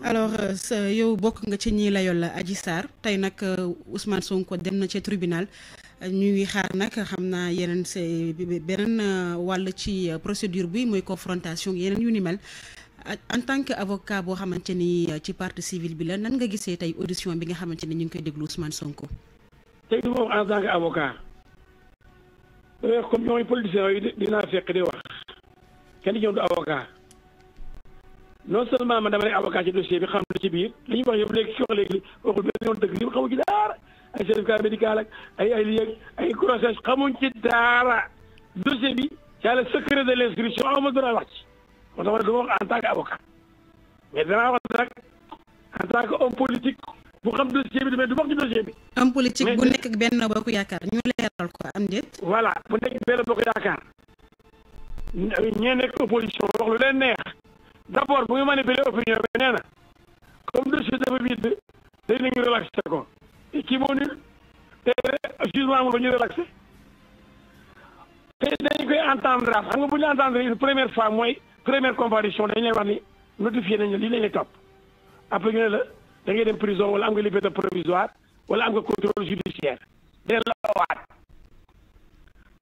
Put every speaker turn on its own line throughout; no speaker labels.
alors euh, yow bokk nga ci ñi layool aji Sarr tey nag euh, usman Sonko dem na ci tribunal ñuy xaar nag xam naa yeneen c'est beneen euh, wàll ci procédure bi mooy confrontation yeneen yu ni mel en tant que avocat boo xamante ni ci parti civile bi la nan nga gisee tey audition bi nga xamante ni ñu ngi koy déglu Ousmane Sonko.
tey moom en tant que avocat. comme ñooy politiciens yi dinaa fekk di wax kenn ñëw du avocat. non seulement man dama nekk avocat ci dossier bi xam lu ci biir li ñu wax yëpp léegi ki wax léegi waxul benn yoon dëgg li xamu ci daara ay certificat médical ak ay ay ay grossesse xamuñ ci daara dossier bi yàlla secret de l' instruction aw ma wax ci moo tax du ma wax en tant que avocat mais danaa wax nag en tant que homme politique bu xam dossier bi damay du wax ci dossier bi. homme
politique bu nekk benn bokk yaakaar ñu leeral ko am déet.
voilà bu nekk benn bokk yaakaar ñee nekk opposition wax lu leen d'abord bu ñu manipuler opinion bi nee na comme dossier dafa vide day nañu relaxé ko te kii moo nul te jugement amul ba ñu relaxé te dañ koy entendre xam nga bu ñu entendre une première fois mooy première comparution dañ lay wax ni notifié nañ la lii lañ lay topp après la da ngay dem prison wala am nga liberté provisoire wala am nga contrôle judiciaire dañ la owaat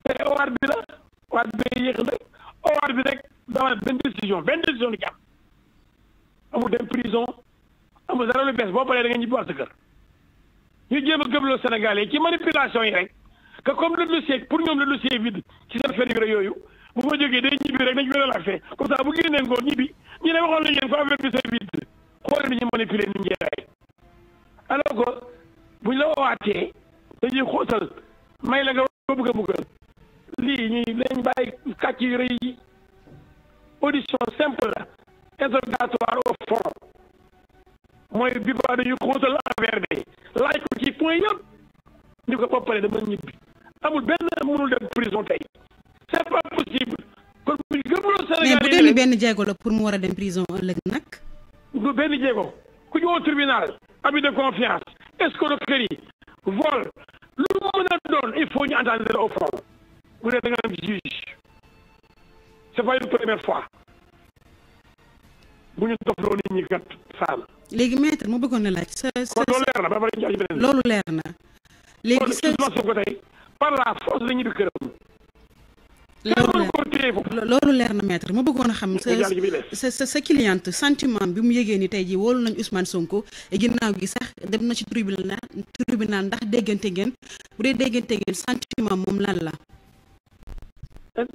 te owaat bi la owaat bi yéex benn décision benn décision di ci amul dem prison amul dara lu bees boo paree da nga ñibbiwaat sa kër ñu jéem a gëmloo Sénégalais ci manipulation yi rek que comme le dossier pour ñoom le dossier vide ci seen fenn yooyu bu fa jógee day ñibbi rek dañu ko relaxé comme ça bu génnee ngoon ñibbi ñu ne waxoon nañ leen ko affaire bi c'est vide xoolal ni ñu manipuler ni ñu jaay alors que buñ la waatee dañuy xóotal may la nga ko bëgg a bëggal lii ñuy lañ bàyyi kàcc yu rëy yi audition simple la. interrogatoire au fond mooy bi ba dañu xóotal affaire bi laaj ko ci point yëpp ñu ko boppale dama ñibbi amul benn mënul dem prison tey c'est pas possible kon bu
gëmloo Sénégal mais bu dee ni benn jéego la pour mu war a dem prison ëllëg nag
du benn jéego ku ñu woo tribunal de confiance escroquerie vol lu mën a doon il faut ñu entendre au fond bu dee da nga juge c'est pas une première fois bu ñu doxaloo nit ñi kat saana. léegi maître mu bëggoon na laaj. sa sa loolu leer na ba loolu leer na. léegi sa kon su
loolu leer na maître ma bëggoon a xam sa sa sa cliente sentiment bi mu yégée ni tey jii woolu nañu Ousmane Sonko e ginnaaw gi sax dem na ci tribunal tribunal ndax déggante ngeen bu dee déggante ngeen sentiment moom laal la ah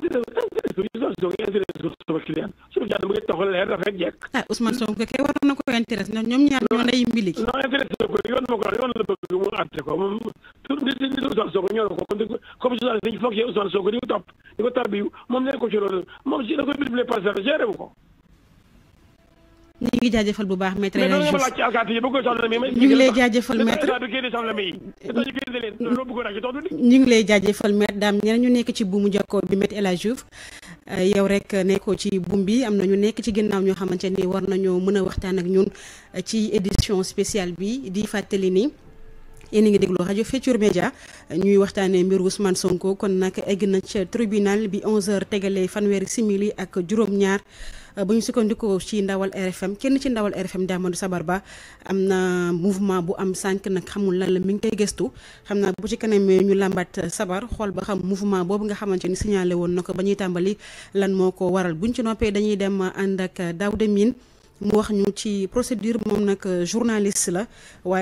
Ousmane Sonko kay waroon na ko intéresse ndax ñoom ñaar ñoo nday mbili.
non intéresse na ko yoon ma ko yoon la bëgg mu àtte ko moom tur bi di Ousmane Sonko ñoo ko kon comme journaliste dañu foog Ousmane Sonko di ko topp di ko tarbiyu moom nee ko ci loolu moom si da koy multiplier par zéro géré wu ko.
ñu ngi jaajëfal bu baax maître El Hadj
ñu ngi lay jaajëfal maître
ñu ngi lay jaajëfal maître daam ñeneen ñu nekk ci buumu jokkoo bi maître El Hadj euh, yow rek nekkoo ci buum bi am na ñu nekk ci ginnaaw ñoo xamante ni war nañoo mën a waxtaan ak ñun ci édition spéciale bi di fàttali ni. yéen a ngi déglu rajo Futurs Médias ñuy waxtaanee mbir Ousmane Sonko kon nag egg na ca tribinal bi 11h tegalee fanweeri simili ak juróom-ñaar. bu ñu sukkandiku ci ndawal RFM kenn ci ndawal RFM di Sabar Ba am na mouvement bu am sànq nag xamul lan la mi ngi koy gëstu xam naa bu ci kanam ñu làmbaat sabar xool ba xam mouvement boobu nga xamante ni signalé woon na ko ba ñuy tàmbali lan moo ko waral buñ ci noppee dañuy dem ànd ak Daouda miin mu wax ñu ci procédure moom nag journaliste la waaye